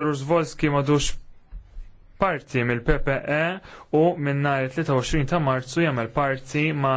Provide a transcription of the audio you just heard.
Ruzvolski madux parti mill-PPE u minn nhar 23 ta' Marzu jagħmel parti ma'